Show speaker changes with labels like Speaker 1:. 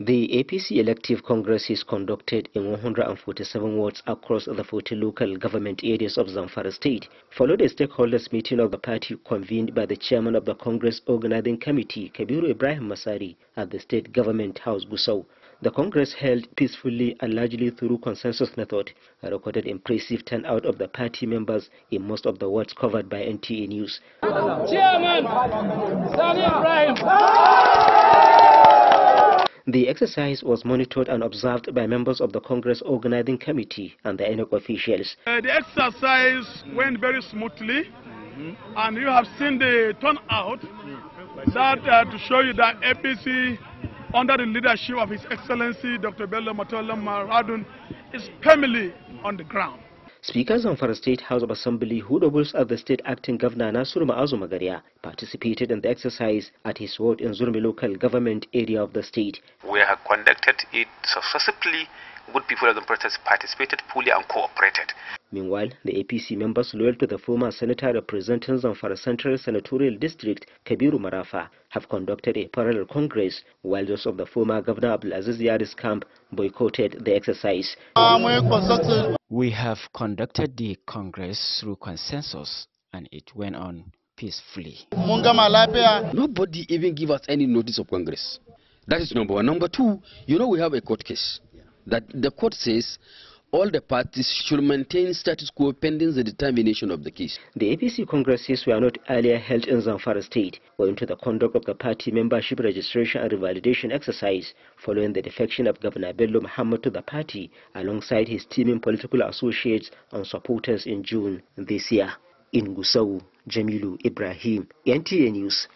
Speaker 1: The APC elective congress is conducted in 147 wards across the 40 local government areas of Zamfara state, followed a stakeholders meeting of the party convened by the chairman of the congress organizing committee, Kabiru Ibrahim Masari, at the state government house Gusau. The Congress held peacefully and largely through consensus method. A recorded impressive turnout of the party members in most of the wards covered by NTA News.
Speaker 2: Chairman, Sani Ibrahim.
Speaker 1: The exercise was monitored and observed by members of the Congress Organizing Committee and the ENOC officials.
Speaker 2: Uh, the exercise went very smoothly, mm -hmm. and you have seen the turnout. That uh, to show you that APC, under the leadership of His Excellency Dr. Bello Matola Maradun, is firmly on the ground.
Speaker 1: of the State House of Assembly who doubles as the state acting governor Nasur Ma'azu Magaria participated in the exercise at his ward in Zurmi local government area of the state. We have conducted it successfully. Good people of the protest participated fully and cooperated. Meanwhile, the APC members loyal to the former senator representing Zamfara Central Senatorial District, Kabiru Marafa, have conducted a parallel congress, while those of the former governor Abdulaziz Yadis camp boycotted the exercise. We have conducted the congress through consensus, and it went on peacefully. Nobody even gave us any notice of congress. That is number one. Number two, you know we have a court case. That the court says all the parties should maintain status quo pending the determination of the case. The APC congresses were not earlier held in Zamfara state owing to the conduct of the party membership registration and revalidation exercise following the defection of Governor Bello Muhammad to the party alongside his teaming political associates and supporters in June this year. In Gusau, Jamilu Ibrahim, NTA News.